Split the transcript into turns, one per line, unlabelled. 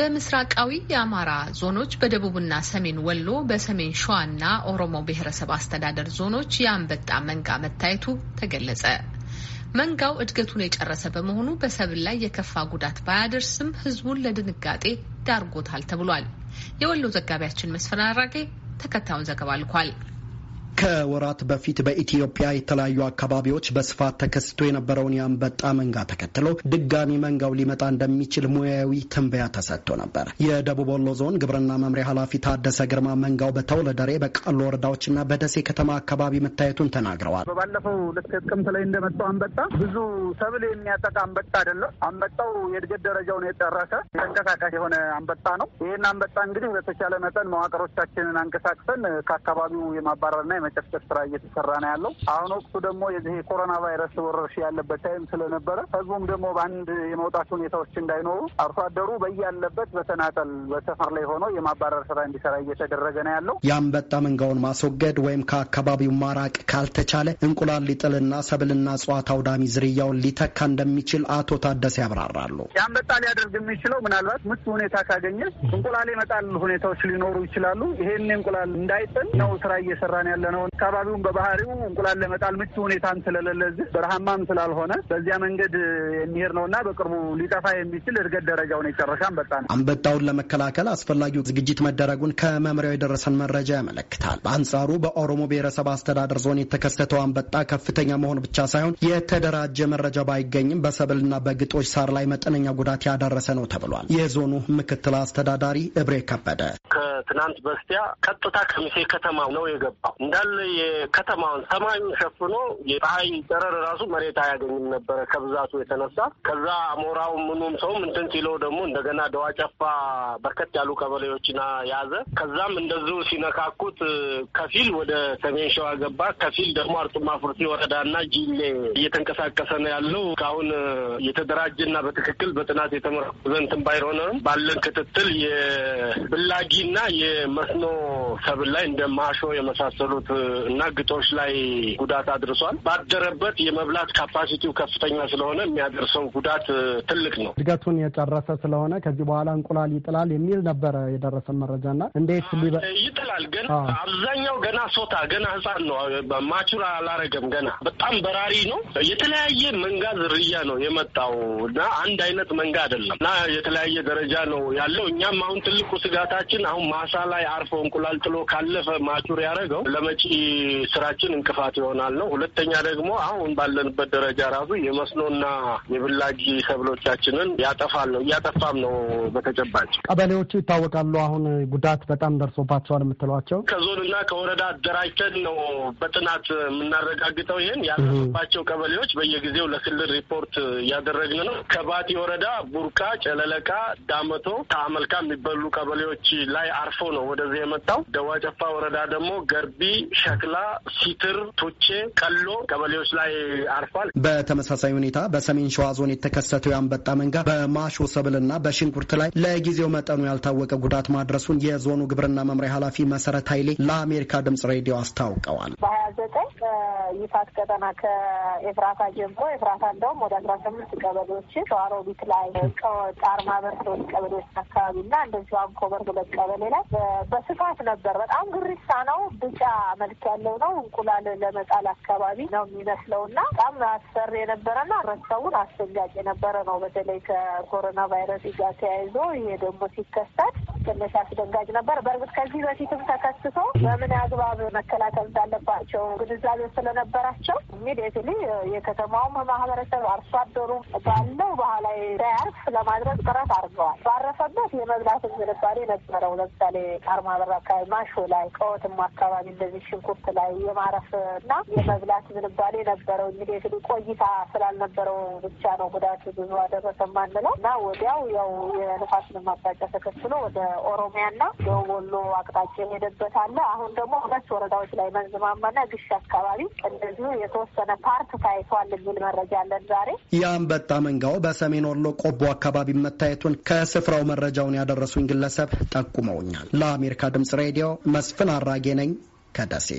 በምስራቃዊ የአማራ ዞኖች በደቡብና ሰሜን ወሎ በሰሜን ሸዋና ኦሮሞ ብሔረሰብ አስተዳደር ዞኖች የአንበጣ መንጋ መታየቱ ተገለጸ። መንጋው እድገቱን የጨረሰ በመሆኑ በሰብል ላይ የከፋ ጉዳት ባያደርስም ሕዝቡን ለድንጋጤ ዳርጎታል ተብሏል። የወሎ ዘጋቢያችን መስፍን አራጌ ተከታዩን ዘገባ ልኳል።
ከወራት በፊት በኢትዮጵያ የተለያዩ አካባቢዎች በስፋት ተከስቶ የነበረውን የአንበጣ መንጋ ተከትሎ ድጋሚ መንጋው ሊመጣ እንደሚችል ሙያዊ ትንበያ ተሰጥቶ ነበር። የደቡብ ወሎ ዞን ግብርና መምሪያ ኃላፊ ታደሰ ግርማ መንጋው በተውለደሬ በቃሉ ወረዳዎችና በደሴ ከተማ አካባቢ መታየቱን ተናግረዋል።
በባለፈው ልክ ጥቅምት ላይ እንደመጣው አንበጣ ብዙ ሰብል የሚያጠቃ አንበጣ አይደለም። አንበጣው የእድገት ደረጃውን የጠረሰ ተንቀሳቃሽ የሆነ አንበጣ ነው። ይህን አንበጣ እንግዲህ በተቻለ መጠን መዋቅሮቻችንን አንቀሳቅሰን ከአካባቢው የማባረርና የመጨፍጨፍ ስራ እየተሰራ ነው ያለው። አሁን ወቅቱ ደግሞ የዚህ የኮሮና ቫይረስ ወረርሽ ያለበት ታይም ስለነበረ ህዝቡም ደግሞ በአንድ የመውጣት ሁኔታዎች እንዳይኖሩ አርሶ አደሩ በያለበት በተናጠል በሰፈር ላይ ሆኖ የማባረር ስራ እንዲሰራ እየተደረገ ነው ያለው።
የአንበጣ መንጋውን ማስወገድ ወይም ከአካባቢው ማራቅ ካልተቻለ እንቁላል ሊጥልና ሰብልና እጽዋት አውዳሚ ዝርያውን ሊተካ እንደሚችል አቶ ታደሰ ያብራራሉ።
የአንበጣ ሊያደርግ የሚችለው ምናልባት ምቹ ሁኔታ ካገኘ እንቁላል የመጣል ሁኔታዎች ሊኖሩ ይችላሉ። ይሄን እንቁላል እንዳይጥል ነው ስራ እየሰራን ያለ ነው ነው። አካባቢውን በባህሪው እንቁላል ለመጣል ምቹ ሁኔታን ስለሌለ በረሃማም ስላልሆነ በዚያ መንገድ የሚሄድ ነው እና በቅርቡ ሊጠፋ የሚችል እድገት ደረጃውን የጨረሰ አንበጣ
ነው። አንበጣውን ለመከላከል አስፈላጊው ዝግጅት መደረጉን ከመምሪያው የደረሰን መረጃ ያመለክታል። በአንጻሩ በኦሮሞ ብሔረሰብ አስተዳደር ዞን የተከሰተው አንበጣ ከፍተኛ መሆን ብቻ ሳይሆን የተደራጀ መረጃ ባይገኝም በሰብልና በግጦሽ ሳር ላይ መጠነኛ ጉዳት ያደረሰ ነው ተብሏል። የዞኑ ምክትል አስተዳዳሪ እብሬ ከበደ
ከትናንት በስቲያ ቀጥታ ከሚሴ ከተማ ነው የገባው። እንዳለ የከተማውን ሰማዩን ሸፍኖ የፀሐይ ጨረር ራሱ መሬት አያገኝም ነበረ ከብዛቱ የተነሳ። ከዛ አሞራው ምኑም ሰውም እንትን ሲለው ደግሞ እንደገና ደዋ ጨፋ በርከት ያሉ ቀበሌዎችና ያዘ። ከዛም እንደዚሁ ሲነካኩት ከፊል ወደ ሰሜን ሸዋ ገባ፣ ከፊል ደግሞ አርጡማ ፉርቲ ወረዳና ጂሌ እየተንቀሳቀሰ ነው ያለው። እስካሁን የተደራጀና በትክክል በጥናት የተመረኮዘ እንትን ባይሆንም ባለን ክትትል የብላጊና የመስኖ ሰብል ላይ እንደ ማሾ የመሳሰሉት እና ግጦሽ ላይ ጉዳት አድርሷል። ባደረበት የመብላት ካፓሲቲው ከፍተኛ ስለሆነ የሚያደርሰው ጉዳት ትልቅ ነው።
እድገቱን የጨረሰ ስለሆነ ከዚህ በኋላ እንቁላል ይጥላል የሚል ነበረ የደረሰ መረጃ እና እንዴት ይጥላል? ግን
አብዛኛው ገና ሶታ ገና ህጻን ነው። ማቹራ አላረገም። ገና በጣም በራሪ ነው። የተለያየ መንጋ ዝርያ ነው የመጣው እና አንድ አይነት መንጋ አይደለም እና የተለያየ ደረጃ ነው ያለው። እኛም አሁን ትልቁ ስጋታችን አሁን ማሳ ላይ አርፎ እንቁላል ጥሎ ካለፈ ማቹር ያደረገው ለመጪ ስራችን እንቅፋት ይሆናል ነው። ሁለተኛ ደግሞ አሁን ባለንበት ደረጃ ራሱ የመስኖና የብላጊ ሰብሎቻችንን ያጠፋል ነው እያጠፋም ነው። በተጨባጭ
ቀበሌዎቹ ይታወቃሉ። አሁን ጉዳት በጣም ደርሶባቸዋል የምትሏቸው ከዞንና
ከወረዳ አደራጅተን ነው በጥናት የምናረጋግጠው። ይህን ያለባቸው ቀበሌዎች በየጊዜው ለክልል ሪፖርት እያደረግን ነው። ከባቲ ወረዳ ቡርቃ፣ ጨለለቃ፣ ዳመቶ፣ ታመልካ የሚበሉ ቀበሌዎች ላይ ተጠርፎ ነው ወደዚህ የመጣው። ደዋ ጨፋ ወረዳ ደግሞ ገርቢ፣ ሸክላ፣ ሲትር፣ ቶቼ፣ ቀሎ ቀበሌዎች ላይ አርፏል።
በተመሳሳይ ሁኔታ በሰሜን ሸዋ ዞን የተከሰተው የአንበጣ መንጋ በማሾ ሰብልና በሽንኩርት ላይ ለጊዜው መጠኑ ያልታወቀ ጉዳት ማድረሱን የዞኑ ግብርና መምሪያ ኃላፊ መሰረት ኃይሌ ለአሜሪካ ድምጽ ሬዲዮ አስታውቀዋል።
በሀያ ዘጠኝ ከይፋት ቀጠና ከኤፍራታ ጀምሮ ኤፍራታ እንደውም ወደ አስራ ስምንት ቀበሌዎችን ሸዋሮቢት ላይ ጣርማ በርሰ ቀበሌዎች አካባቢና እንደዚሁ አንኮበር ሁለት ቀበሌ ላይ በስፋት ነበር። በጣም ግሪሳ ነው። ቢጫ መልክ ያለው ነው። እንቁላል ለመጣል አካባቢ ነው የሚመስለው እና በጣም አስፈሪ የነበረና ህብረተሰቡን አስፈላጊ የነበረ ነው። በተለይ ከኮሮና ቫይረስ ጋር ተያይዞ ይሄ ደግሞ ሲከሰት ትንሽ አስደንጋጭ ነበር። በእርግጥ ከዚህ በፊትም ተከስቶ በምን አግባብ መከላከል እንዳለባቸው ግንዛቤ ስለነበራቸው ኢሚዲየትሊ የከተማውም ማህበረሰብ አርሶ አደሩ ባለው ባህላዊ ዳያርፍ ለማድረግ ጥረት አድርገዋል። ባረፈበት የመብላትን ዝንባሌ ነበረው። ለምሳሌ አርማበር አካባቢ፣ ማሾ ላይ፣ ቀወትማ አካባቢ እንደዚህ ሽንኩርት ላይ የማረፍ እና የመብላት ዝንባሌ ነበረው። እንግዲህ እንግዲህ ቆይታ ስላልነበረው ብቻ ነው ጉዳቱ ብዙ አደረሰ ማንለው እና ወዲያው ያው የንፋስንም አቅጣጫ ተከትሎ ወደ ኦሮሚያና ደቡብ ወሎ አቅጣጫ የሄደበት አለ። አሁን ደግሞ ሁለት ወረዳዎች ላይ መንዝማማና ግሽ አካባቢ እንደዚሁ የተወሰነ ፓርት ታይቷል የሚል መረጃ አለን
ዛሬ። የአንበጣ መንጋው በሰሜን ወሎ ቆቦ አካባቢ መታየቱን ከስፍራው መረጃውን ያደረሱኝ ግለሰብ ጠቁመውኛል። ይገኛል። ለአሜሪካ ድምጽ ሬዲዮ መስፍን አራጌ ነኝ ከደሴ።